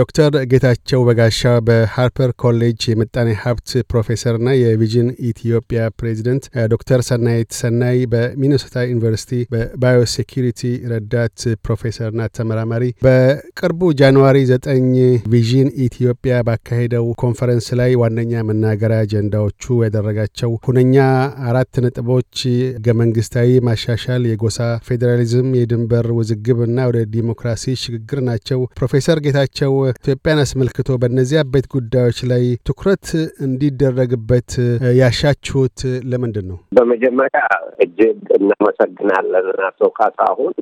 ዶክተር ጌታቸው በጋሻ በሃርፐር ኮሌጅ የምጣኔ ሀብት ፕሮፌሰርና የቪዥን ኢትዮጵያ ፕሬዚደንት፣ ዶክተር ሰናይት ሰናይ በሚኒሶታ ዩኒቨርሲቲ በባዮሴኪሪቲ ረዳት ፕሮፌሰርና ተመራማሪ በቅርቡ ጃንዋሪ ዘጠኝ ቪዥን ኢትዮጵያ ባካሄደው ኮንፈረንስ ላይ ዋነኛ መናገሪያ አጀንዳዎቹ ያደረጋቸው ሁነኛ አራት ነጥቦች ህገ መንግስታዊ ማሻሻል፣ የጎሳ ፌዴራሊዝም፣ የድንበር ውዝግብ እና ወደ ዲሞክራሲ ሽግግር ናቸው። ፕሮፌሰር ጌታቸው መሆናቸው ኢትዮጵያን አስመልክቶ በእነዚያ ቤት ጉዳዮች ላይ ትኩረት እንዲደረግበት ያሻችሁት ለምንድን ነው? በመጀመሪያ እጅግ እናመሰግናለን አቶ ካሳሁን።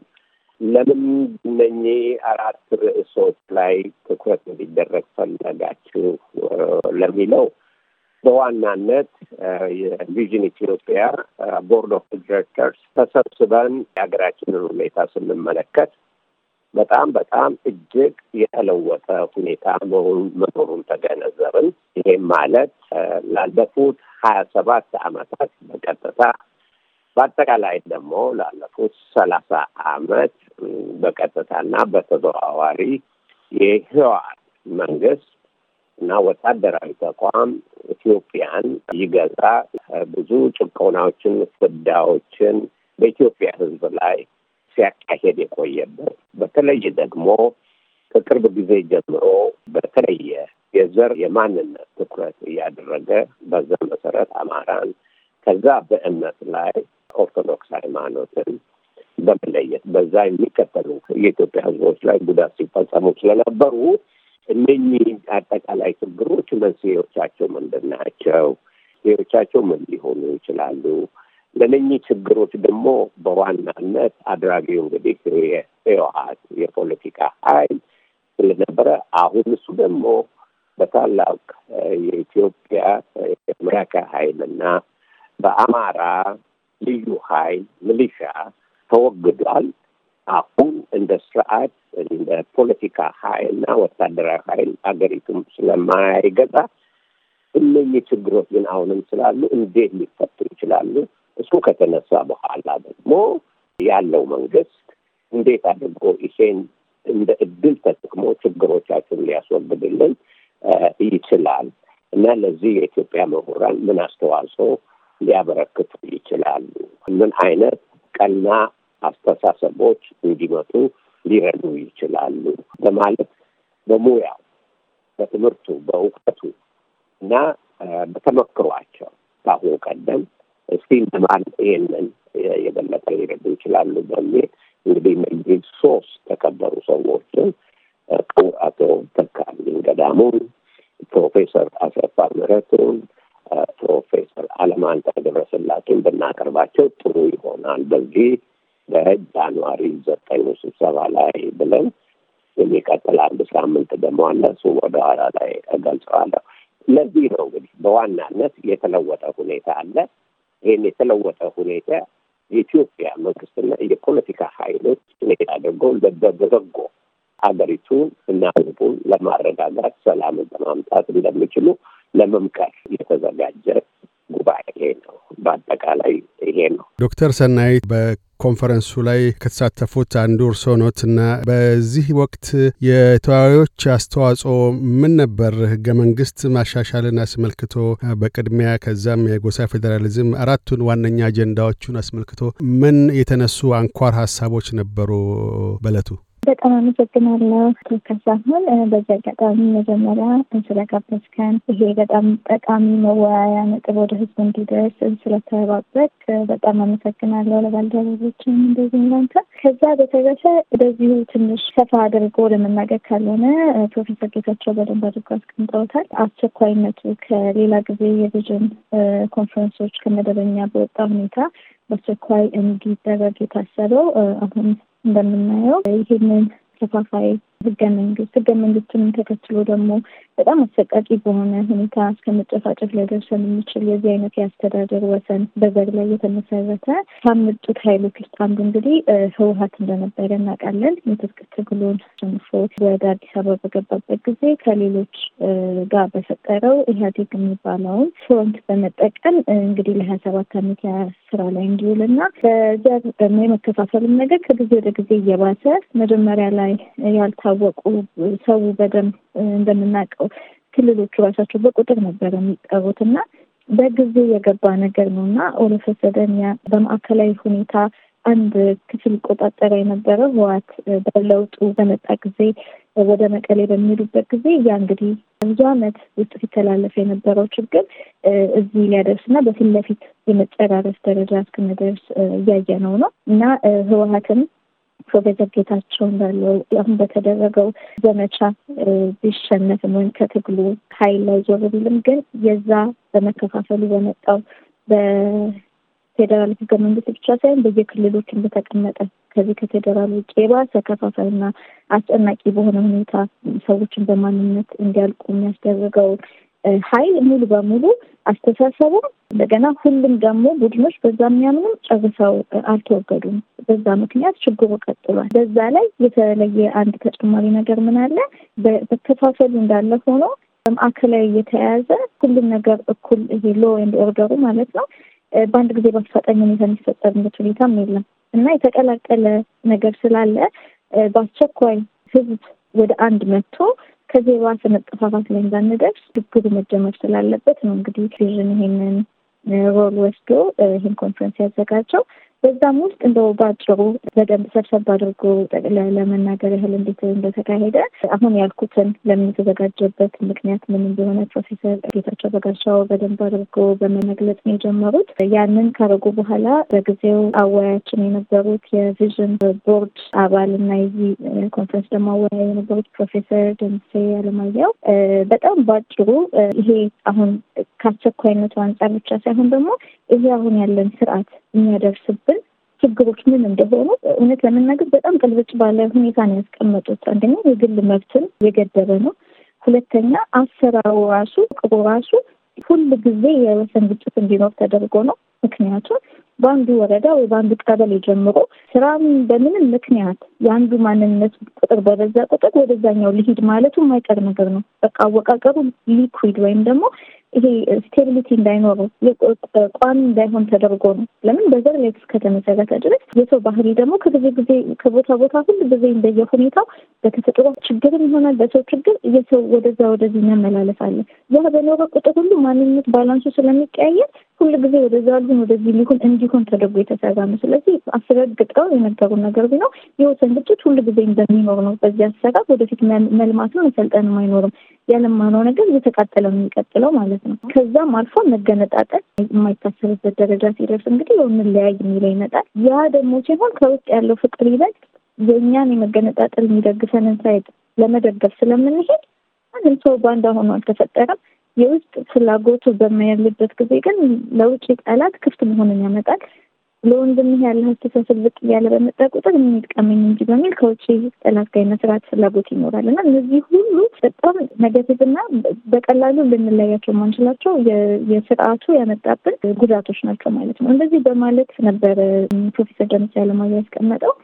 ለምን እነኚህ አራት ርዕሶች ላይ ትኩረት እንዲደረግ ፈለጋችሁ ለሚለው በዋናነት የቪዥን ኢትዮጵያ ቦርድ ኦፍ ዲሬክተርስ ተሰብስበን የሀገራችንን ሁኔታ ስንመለከት በጣም በጣም እጅግ የተለወጠ ሁኔታ መሆኑ መኖሩን ተገነዘብን። ይሄም ማለት ላለፉት ሀያ ሰባት አመታት በቀጥታ በአጠቃላይ ደግሞ ላለፉት ሰላሳ አመት በቀጥታና በተዘዋዋሪ የህወሓት መንግስት እና ወታደራዊ ተቋም ኢትዮጵያን ይገዛ ብዙ ጭቆናዎችን፣ ፍዳዎችን በኢትዮጵያ ህዝብ ላይ ሲያካሄድ የቆየበት በተለይ ደግሞ ከቅርብ ጊዜ ጀምሮ በተለየ የዘር የማንነት ትኩረት እያደረገ በዛ መሰረት አማራን ከዛ በእምነት ላይ ኦርቶዶክስ ሃይማኖትን በመለየት በዛ የሚከተሉ የኢትዮጵያ ሕዝቦች ላይ ጉዳት ሲፈጸሙ ስለነበሩ እነኚህ አጠቃላይ ችግሮች መንስኤዎቻቸው ምንድን ናቸው? ሌሎቻቸው ምን ሊሆኑ ይችላሉ? ለነኚህ ችግሮች ደግሞ በዋናነት አድራጊው እንግዲህ የህወሀት የፖለቲካ ኃይል ስለነበረ አሁን እሱ ደግሞ በታላቅ የኢትዮጵያ ሀይል እና በአማራ ልዩ ሀይል ሚሊሻ ተወግዷል። አሁን እንደ ስርዓት እንደ ፖለቲካ ኃይልና ወታደራዊ ኃይል አገሪቱም ስለማይገዛ እነኚህ ችግሮች ግን አሁንም ስላሉ እንዴት ሊፈቱ ይችላሉ? እሱ ከተነሳ በኋላ ደግሞ ያለው መንግስት እንዴት አድርጎ ይሄን እንደ እድል ተጠቅሞ ችግሮቻችን ሊያስወግድልን ይችላል እና ለዚህ የኢትዮጵያ ምሁራን ምን አስተዋጽኦ ሊያበረክቱ ይችላሉ? ምን አይነት ቀና አስተሳሰቦች እንዲመጡ ሊረዱ ይችላሉ? በማለት በሙያው በትምህርቱ፣ በእውቀቱ እና በተመክሯቸው ካሁን ቀደም እስቲ ለማለት ይሄንን የበለጠ ሊረዱ ይችላሉ በሚል እንግዲህ እነዚህ ሶስት ተከበሩ ሰዎችን አቶ ተካልኝ ገዳሙን፣ ፕሮፌሰር አሰፋ ምረቱን፣ ፕሮፌሰር አለማንተ ገብረስላሴን ብናቀርባቸው ጥሩ ይሆናል በዚህ በጃንዋሪ ዘጠኝ ስብሰባ ላይ ብለን የሚቀጥል አንድ ሳምንት ደግሞ እነሱ ወደ ኋላ ላይ እገልጸዋለሁ። ለዚህ ነው እንግዲህ በዋናነት የተለወጠ ሁኔታ አለ። ይህን የተለወጠ ሁኔታ የኢትዮጵያ መንግስትና የፖለቲካ ኃይሎች ሁኔታ አድርገው በበጎ ሀገሪቱን እና ህዝቡን ለማረጋጋት ሰላምን ለማምጣት እንደሚችሉ ለመምከር የተዘጋጀ ጉባኤ ነው። በአጠቃላይ ይሄ ነው። ዶክተር ሰናይት በኮንፈረንሱ ላይ ከተሳተፉት አንዱ እርስዎ ኖት እና በዚህ ወቅት የተወያዮች አስተዋጽኦ ምን ነበር? ህገ መንግስት ማሻሻልን አስመልክቶ በቅድሚያ ከዛም የጎሳ ፌዴራሊዝም አራቱን ዋነኛ አጀንዳዎቹን አስመልክቶ ምን የተነሱ አንኳር ሀሳቦች ነበሩ በለቱ? በጣም አመሰግናለሁ ተከሳሁን በዚህ አጋጣሚ መጀመሪያ ስለጋበዝከን ይሄ በጣም ጠቃሚ መወያያ ነጥብ ወደ ህዝቡ እንዲደርስ ስለተባበቅ በጣም አመሰግናለሁ። ለባልደረቦችም እንደዚህ ላንተ። ከዛ በተረፈ በዚሁ ትንሽ ሰፋ አድርጎ ለመናገር ካልሆነ ፕሮፌሰር ጌታቸው በደንብ አድርጎ አስቀምጠውታል። አስቸኳይነቱ ከሌላ ጊዜ የቪዥን ኮንፈረንሶች ከመደበኛ በወጣ ሁኔታ በአስቸኳይ እንዲደረግ የታሰበው አሁን እንደምናየው ይህንን ተካፋይ ህገ መንግስት ህገ መንግስትንም ተከትሎ ደግሞ በጣም አሰቃቂ በሆነ ሁኔታ እስከ መጨፋጨፍ ሊያደርሰን የሚችል የዚህ አይነት የአስተዳደር ወሰን በዘር ላይ የተመሰረተ ካመጡት ኃይሎች ውስጥ አንዱ እንግዲህ ህወሀት እንደነበረ እናውቃለን። የትጥቅ ትግሉን አሸንፎ ወደ አዲስ አበባ በገባበት ጊዜ ከሌሎች ጋር በፈጠረው ኢህአዴግ የሚባለውን ፍሮንት በመጠቀም እንግዲህ ለሀያ ሰባት አመት ስራ ላይ እንዲውል እንዲውልና በዚያ ደግሞ የመከፋፈልም ነገር ከጊዜ ወደ ጊዜ እየባሰ መጀመሪያ ላይ ያልታ እንዳልታወቁ ሰው በደንብ እንደምናውቀው ክልሎቹ ራሳቸው በቁጥር ነበር የሚጠሩት እና በጊዜ የገባ ነገር ነው እና ኦሎፈሰደን በማዕከላዊ ሁኔታ አንድ ክፍል ቆጣጠረ የነበረ ህዋት በለውጡ በመጣ ጊዜ ወደ መቀሌ በሚሄዱበት ጊዜ ያ እንግዲህ ብዙ ዓመት ውስጥ ሲተላለፈ የነበረው ችግር እዚህ ሊያደርስ እና በፊት ለፊት የመጨራረስ ደረጃ እስክንደርስ እያየ ነው ነው እና ህወሀትም ፕሮፌሰር ጌታቸው እንዳለው አሁን በተደረገው ዘመቻ ቢሸነፍም ወይም ከትግሉ ኃይል ላይ ዞር ቢልም ግን የዛ በመከፋፈሉ በመጣው በፌዴራል ህገ መንግስት ብቻ ሳይሆን በየክልሎች እንደተቀመጠ ከዚህ ከፌዴራል ውጭ የባሰ ከፋፋይና አስጨናቂ በሆነ ሁኔታ ሰዎችን በማንነት እንዲያልቁ የሚያስደርገው ኃይል ሙሉ በሙሉ አስተሳሰቡም እንደገና ሁሉም ደግሞ ቡድኖች በዛ የሚያምኑም ጨርሰው አልተወገዱም። በዛ ምክንያት ችግሩ ቀጥሏል። በዛ ላይ የተለየ አንድ ተጨማሪ ነገር ምን አለ? በተፋፈሉ እንዳለ ሆኖ በማዕከላዊ የተያያዘ ሁሉም ነገር እኩል ይሄ ሎ ኤንድ ኦርደሩ ማለት ነው በአንድ ጊዜ በአፋጣኝ ሁኔታ የሚፈጠርበት ሁኔታም የለም እና የተቀላቀለ ነገር ስላለ በአስቸኳይ ህዝብ ወደ አንድ መጥቶ ከዚህ የባሰ መጠፋፋት ላይ እንዳንደርስ ችግሩ መጀመር ስላለበት ነው እንግዲህ ቪዥን ይሄንን ሮል ወስዶ ይህን ኮንፈረንስ ያዘጋጀው። በዛም ውስጥ እንደው ባጭሩ በደንብ ሰብሰብ አድርጎ ጠቅላይ ለመናገር ያህል እንዴት እንደተካሄደ አሁን ያልኩትን ለምንተዘጋጀበት ምክንያት ምን እንደሆነ ፕሮፌሰር ጌታቸው በጋሻው በደንብ አድርጎ በመመግለጽ ነው የጀመሩት። ያንን ካረጉ በኋላ በጊዜው አወያያችን የነበሩት የቪዥን ቦርድ አባል እና የዚህ ኮንፈረንስ ደግሞ አወያይ የነበሩት ፕሮፌሰር ደምሴ አለማያው በጣም ባጭሩ ይሄ አሁን ከአስቸኳይነቱ አንጻር ብቻ ሳይሆን ደግሞ ይሄ አሁን ያለን ስርዓት የሚያደርስብን ችግሮች ምን እንደሆኑ እውነት ለመናገር በጣም ቅልብጭ ባለ ሁኔታ ነው ያስቀመጡት። አንደኛ የግል መብትን የገደበ ነው። ሁለተኛ አሰራሩ ራሱ ቅቦ ራሱ ሁል ጊዜ የወሰን ግጭት እንዲኖር ተደርጎ ነው። ምክንያቱም በአንዱ ወረዳ ወይ በአንዱ ቀበሌ ጀምሮ ስራም በምንም ምክንያት የአንዱ ማንነት ቁጥር በበዛ ቁጥር ወደዛኛው ሊሂድ ማለቱ የማይቀር ነገር ነው። በቃ አወቃቀሩ ሊኩዊድ ወይም ደግሞ ይሄ ስቴቢሊቲ እንዳይኖረው ቋሚ እንዳይሆን ተደርጎ ነው። ለምን በዘር ላይ እስከተመሰረተ ድረስ የሰው ባህሪ ደግሞ ከጊዜ ጊዜ ከቦታ ቦታ ሁሉ ጊዜ እንደየ ሁኔታው በተፈጥሮ ችግርም ይሆናል፣ በሰው ችግር የሰው ወደዛ ወደዚህ መመላለስ አለ። ያ በኖረ ቁጥር ሁሉ ማንነት ባላንሱ ስለሚቀያየር ሁሉ ጊዜ ወደዛ ሊሆን ወደዚህ ሊሆን እንዲሆን ተደርጎ የተሰራ ነው። ስለዚህ አስረግጠው የነገሩን ነገር ቢነው የወሰን ግጭት ሁሉ ጊዜ እንደሚኖር ነው። በዚህ አሰራር ወደፊት መልማትም መሰልጠንም አይኖርም። የለማነው ነገር እየተቃጠለ ነው የሚቀጥለው ማለት ነው። ከዛም አልፎ መገነጣጠል የማይታሰብበት ደረጃ ሲደርስ እንግዲህ እንለያይ የሚለው ይመጣል። ያ ደግሞ ሲሆን ከውስጥ ያለው ፍቅር ይበል የእኛን የመገነጣጠል የሚደግፈንን ሳይድ ለመደገፍ ስለምንሄድ አንድም ሰው ባንዳ ሆኖ አልተፈጠረም። የውስጥ ፍላጎቱ በማያልበት ጊዜ ግን ለውጭ ጠላት ክፍት መሆንን ያመጣል። ለወንድምህ ያለህ አስተሳሰብ ዝቅ እያለ በመጣ ቁጥር ምን እንጂ በሚል ከውጭ ጠላት ጋር የመስራት ፍላጎት ይኖራል እና እነዚህ ሁሉ በጣም ነገቲቭ እና በቀላሉ ልንለያቸው ማንችላቸው የስርዓቱ ያመጣብን ጉዳቶች ናቸው ማለት ነው። እንደዚህ በማለት ነበረ ፕሮፌሰር ደምስ ያለማ ያስቀመጠው።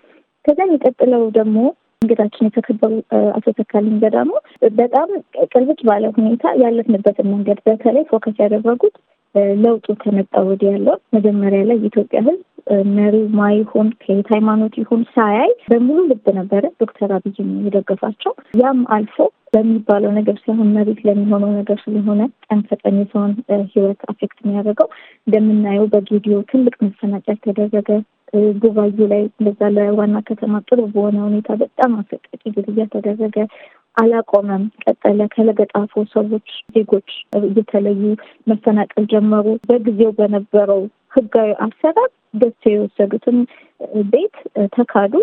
ከዚ የሚቀጥለው ደግሞ እንግዳችን የተከበሩ አቶ ተካልኝ ገዳሙ በጣም ቅልብጭ ባለ ሁኔታ ያለፍንበትን መንገድ በተለይ ፎከስ ያደረጉት ለውጡ ከመጣ ወዲህ ያለው መጀመሪያ ላይ የኢትዮጵያ ሕዝብ መሪው ማ ይሆን ከየት ሃይማኖት ይሆን ሳያይ በሙሉ ልብ ነበረ ዶክተር አብይ የደገፋቸው። ያም አልፎ በሚባለው ነገር ሳይሆን መሬት ለሚሆነው ነገር ስለሆነ ቀን ከቀን የሰውን ህይወት አፌክት የሚያደርገው እንደምናየው በጌዲዮ ትልቅ መፈናቀል ተደረገ። ጉባኤ ላይ እንደዛ ለዋና ከተማ ጥሩ በሆነ ሁኔታ በጣም አሰቃቂ ግድያ ተደረገ። አላቆመም፣ ቀጠለ። ከለገጣፎ ሰዎች ዜጎች እየተለዩ መፈናቀል ጀመሩ። በጊዜው በነበረው ህጋዊ አሰራር ገዝቶ የወሰዱትን ቤት ተካዱ።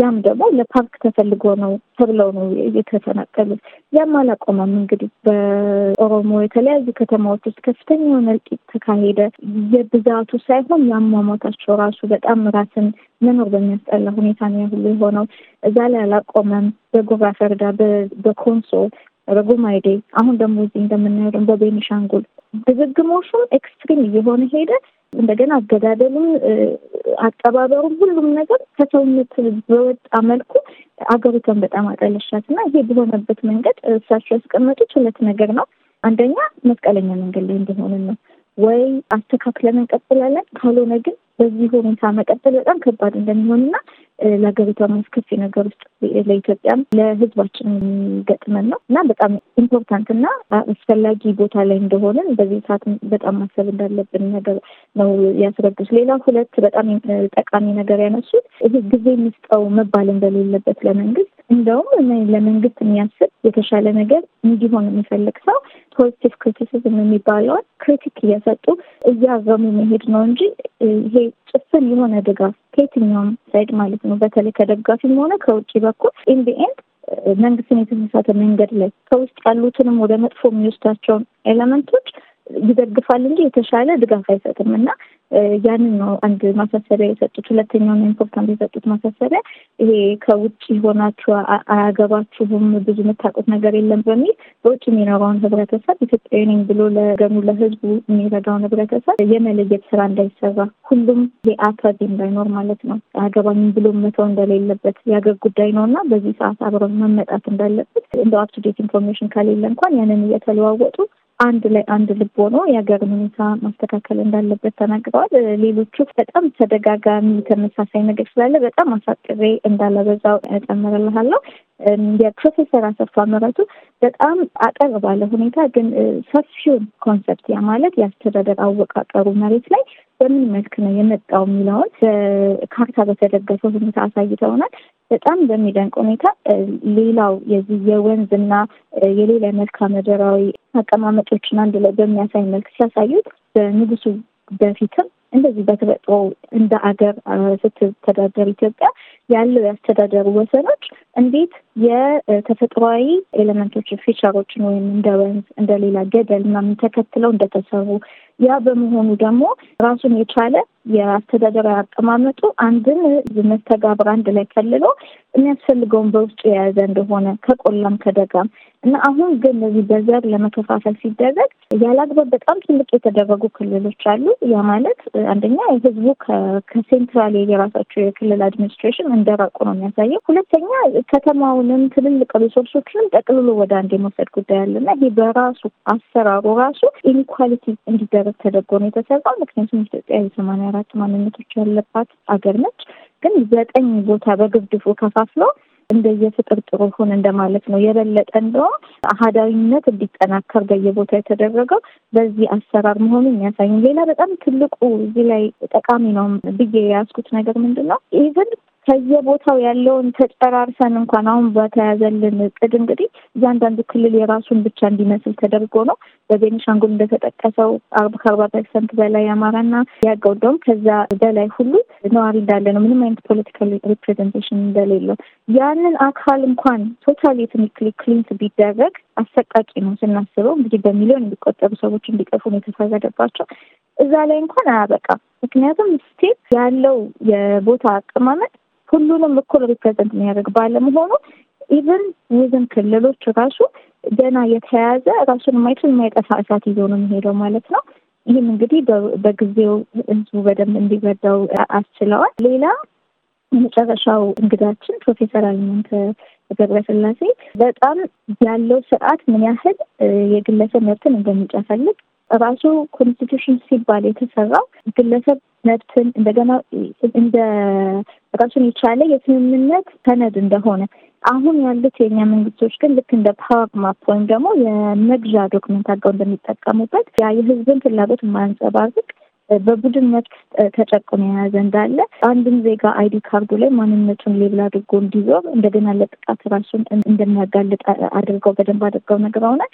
ያም ደግሞ ለፓርክ ተፈልጎ ነው ተብለው ነው የተፈናቀሉት። ያም አላቆመም። እንግዲህ በኦሮሞ የተለያዩ ከተማዎች ውስጥ ከፍተኛ የሆነ እልቂት ተካሄደ። የብዛቱ ሳይሆን የአሟሟታቸው ራሱ በጣም ራስን መኖር በሚያስጠላ ሁኔታ ነው ሁሉ የሆነው። እዛ ላይ አላቆመም። በጎራ ፈርዳ፣ በኮንሶ፣ በጉማይዴ አሁን ደግሞ እዚህ እንደምናየው ደግሞ በቤኒሻንጉል ድግግሞሹም ኤክስትሪም እየሆነ ሄደ። እንደገና አገዳደሉም፣ አቀባበሩም፣ ሁሉም ነገር ከሰውነት በወጣ መልኩ አገሪቷን በጣም አጠለሻት እና ይሄ በሆነበት መንገድ እሳቸው ያስቀመጡት ሁለት ነገር ነው። አንደኛ መስቀለኛ መንገድ ላይ እንደሆንን ነው ወይ አስተካክለን እንቀጥላለን፣ ካልሆነ ግን በዚህ ሁኔታ መቀጠል በጣም ከባድ እንደሚሆንና ለሀገሪቷ አስከፊ ነገር ውስጥ ለኢትዮጵያም ለህዝባችን የሚገጥመን ነው እና በጣም ኢምፖርታንት እና አስፈላጊ ቦታ ላይ እንደሆንን በዚህ ሰዓት በጣም ማሰብ እንዳለብን ነገር ነው ያስረዱት። ሌላ ሁለት በጣም ጠቃሚ ነገር ያነሱት ይህ ጊዜ የሚስጠው መባል እንደሌለበት ለመንግስት እንደውም ለመንግስት የሚያስብ የተሻለ ነገር እንዲሆን የሚፈልግ ሰው ፖዚቲቭ ክሪቲሲዝም የሚባለውን ክሪቲክ እየሰጡ እያረሙ መሄድ ነው እንጂ ይሄ ጭፍን የሆነ ድጋፍ ከየትኛውም ሳይድ ማለት ነው፣ በተለይ ከደጋፊም ሆነ ከውጭ በኩል ኢንዲኤንድ መንግስትን የተሳሳተ መንገድ ላይ ከውስጥ ያሉትንም ወደ መጥፎ የሚወስዳቸውን ኤለመንቶች ይደግፋል እንጂ የተሻለ ድጋፍ አይሰጥም እና ያንን ነው አንድ ማሳሰቢያ የሰጡት። ሁለተኛውን ኢምፖርታንት የሰጡት ማሳሰቢያ ይሄ ከውጭ ሆናችሁ አያገባችሁም፣ ብዙ የምታውቁት ነገር የለም በሚል በውጭ የሚኖረውን ህብረተሰብ ኢትዮጵያዊ ነኝ ብሎ ለገኑ ለህዝቡ የሚረዳውን ህብረተሰብ የመለየት ስራ እንዳይሰራ ሁሉም የአካቢ እንዳይኖር ማለት ነው። አያገባኝም ብሎ መተው እንደሌለበት የአገር ጉዳይ ነው እና በዚህ ሰዓት አብረን መመጣት እንዳለበት እንደ አፕቱዴት ኢንፎርሜሽን ከሌለ እንኳን ያንን እየተለዋወጡ አንድ ላይ አንድ ልብ ሆኖ የሀገርን ሁኔታ ማስተካከል እንዳለበት ተናግረዋል። ሌሎቹ በጣም ተደጋጋሚ ተመሳሳይ ነገር ስላለ በጣም አሳጥሬ እንዳለበዛው እጨምርልሃለሁ። የፕሮፌሰር አሰፋ መረቱ በጣም አጠር ባለ ሁኔታ ግን ሰፊውን ኮንሰፕት ያ ማለት የአስተዳደር አወቃቀሩ መሬት ላይ በምን መልክ ነው የመጣው የሚለውን ካርታ በተደገፈ ሁኔታ አሳይተውናል። በጣም በሚደንቅ ሁኔታ ሌላው የዚህ የወንዝና የሌላ መልክዓ ምድራዊ አቀማመጦችን አንድ ላይ በሚያሳይ መልክ ሲያሳዩት በንጉሱ በፊትም እንደዚህ በተፈጥሮ እንደ አገር ስትተዳደር ኢትዮጵያ ያለው የአስተዳደር ወሰኖች እንዴት የተፈጥሯዊ ኤሌመንቶችን ፊቸሮችን ወይም እንደ ወንዝ እንደሌላ ገደል ምናምን ተከትለው እንደተሰሩ ያ በመሆኑ ደግሞ ራሱን የቻለ የአስተዳደራዊ አቀማመጡ አንድን መስተጋብር አንድ ላይ ከልሎ የሚያስፈልገውን በውስጡ የያዘ እንደሆነ ከቆላም ከደጋም እና አሁን ግን እዚህ በዘር ለመከፋፈል ሲደረግ ያላግባብ በጣም ትልቅ የተደረጉ ክልሎች አሉ። ያ ማለት አንደኛ ህዝቡ ከሴንትራል የራሳቸው የክልል አድሚኒስትሬሽን እንደራቁ ነው የሚያሳየው። ሁለተኛ ከተማውንም ትልልቅ ሪሶርሶችንም ጠቅልሎ ወደ አንድ የመውሰድ ጉዳይ አለ እና ይሄ በራሱ አሰራሩ ራሱ ኢንኳሊቲ እንዲደረግ ተደርጎ ነው የተሰራው። ምክንያቱም ኢትዮጵያ የሰማንያ አራት ማንነቶች ያለባት አገር ነች። ግን ዘጠኝ ቦታ በግብድፉ ከፋፍሎ እንደየፍጥር ጥሩ ሁን እንደማለት ነው። የበለጠ እንደውም አህዳዊነት እንዲጠናከር በየቦታ የተደረገው በዚህ አሰራር መሆኑን የሚያሳይ ሌላ በጣም ትልቁ እዚህ ላይ ጠቃሚ ነው ብዬ የያዝኩት ነገር ምንድን ነው? ኢቨን ከየቦታው ያለውን ተጨራርሰን እንኳን አሁን በተያዘልን እቅድ እንግዲህ እያንዳንዱ ክልል የራሱን ብቻ እንዲመስል ተደርጎ ነው። በቤኒሻንጉል እንደተጠቀሰው አርባ ከአርባ ፐርሰንት በላይ አማራና ያገው እንደውም ከዛ በላይ ሁሉ ነዋሪ እንዳለ ነው። ምንም አይነት ፖለቲካል ሪፕሬዘንቴሽን እንደሌለው ያንን አካል እንኳን ቶታሊ ኤትኒክሊ ክሊንስ ቢደረግ አሰቃቂ ነው ስናስበው። እንግዲህ በሚሊዮን የሚቆጠሩ ሰዎች እንዲጠፉ ነው የተፈረደባቸው። እዛ ላይ እንኳን አያበቃም። ምክንያቱም ስቴት ያለው የቦታ አቀማመጥ ሁሉንም እኩል ሪፕሬዘንት የሚያደርግ ባለመሆኑ ኢቨን ይዝን ክልሎች ራሱ ገና የተያያዘ ራሱን የማይችል የማይጠፋ እሳት ይዞ ነው የሚሄደው ማለት ነው። ይህም እንግዲህ በጊዜው ህዝቡ በደንብ እንዲረዳው አስችለዋል። ሌላ የመጨረሻው እንግዳችን ፕሮፌሰር አለማንተ ገብረስላሴ በጣም ያለው ስርዓት ምን ያህል የግለሰብ መብትን እንደሚጨፈልግ ራሱ ኮንስቲቱሽን ሲባል የተሰራው ግለሰብ መብትን እንደገና እንደ ራሱን የቻለ የስምምነት ሰነድ እንደሆነ አሁን ያሉት የእኛ መንግስቶች ግን ልክ እንደ ፓወር ማፕ ወይም ደግሞ የመግዣ ዶክመንት አድርገው እንደሚጠቀሙበት ያ የህዝብን ፍላጎት የማያንጸባርቅ በቡድን መብት ተጨቁን የያዘ እንዳለ አንድም ዜጋ አይዲ ካርዱ ላይ ማንነቱን ሌብል አድርጎ እንዲዞር እንደገና ለጥቃት ራሱን እንደሚያጋልጥ አድርገው በደንብ አድርገው ነግረውናል።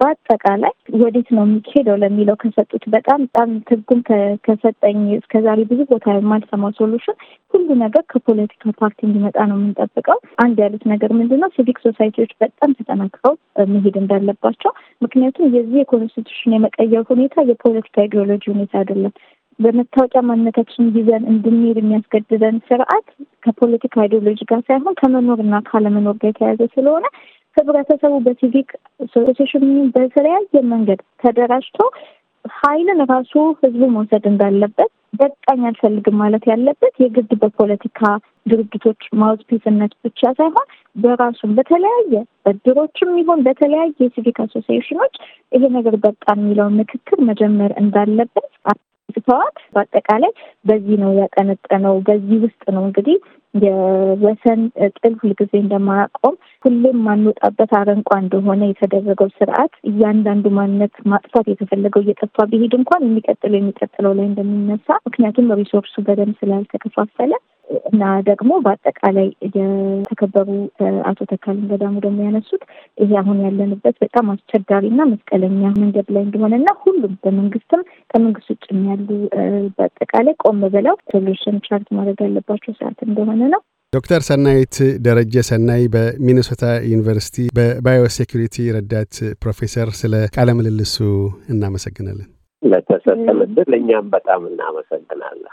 በአጠቃላይ ወዴት ነው የሚሄደው ለሚለው ከሰጡት በጣም በጣም ትርጉም ከሰጠኝ እስከዛሬ ብዙ ቦታ የማልሰማው ሶሉሽን ሁሉ ነገር ከፖለቲካ ፓርቲ እንዲመጣ ነው የምንጠብቀው። አንድ ያሉት ነገር ምንድን ነው? ሲቪክ ሶሳይቲዎች በጣም ተጠናክረው መሄድ እንዳለባቸው። ምክንያቱም የዚህ የኮንስቲቱሽን የመቀየር ሁኔታ የፖለቲካ ኢዲዮሎጂ ሁኔታ አይደለም። በመታወቂያ ማንነታችን ይዘን እንድንሄድ የሚያስገድደን ስርዓት ከፖለቲካ አይዲዮሎጂ ጋር ሳይሆን ከመኖርና ካለመኖር ጋር የተያያዘ ስለሆነ ህብረተሰቡ በሲቪክ አሶሴሽን በተለያየ መንገድ ተደራጅቶ ኃይልን ራሱ ህዝቡ መውሰድ እንዳለበት በቃኝ አልፈልግም ማለት ያለበት የግድ በፖለቲካ ድርጅቶች ማውዝፒስነት ብቻ ሳይሆን በራሱም በተለያየ በድሮችም ይሁን በተለያየ የሲቪክ አሶሲሽኖች ይሄ ነገር በቃ የሚለውን ምክክር መጀመር እንዳለበት ጽፈዋል። በአጠቃላይ በዚህ ነው ያጠነጠነው። በዚህ ውስጥ ነው እንግዲህ የወሰን ጥል ሁልጊዜ እንደማያቆም ሁሌም ማንወጣበት አረንቋ እንደሆነ የተደረገው ስርዓት እያንዳንዱ ማንነት ማጥፋት የተፈለገው እየጠፋ ቢሄድ እንኳን የሚቀጥለው የሚቀጥለው ላይ እንደሚነሳ ምክንያቱም ሪሶርሱ በደንብ ስላልተከፋፈለ እና ደግሞ በአጠቃላይ የተከበሩ አቶ ተካልን ገዳሙ ደግሞ ያነሱት ይሄ አሁን ያለንበት በጣም አስቸጋሪና መስቀለኛ መንገድ ላይ እንደሆነና ሁሉም በመንግስትም ከመንግስት ውጭም ያሉ በአጠቃላይ ቆም ብለው ሶሉሽን ቻርት ማድረግ ያለባቸው ሰዓት እንደሆነ ነው። ዶክተር ሰናይት ደረጀ ሰናይ በሚኒሶታ ዩኒቨርሲቲ በባዮሴኩሪቲ ረዳት ፕሮፌሰር፣ ስለ ቃለ ምልልሱ እናመሰግናለን። ለተሰጠ ምድር እኛም በጣም እናመሰግናለን።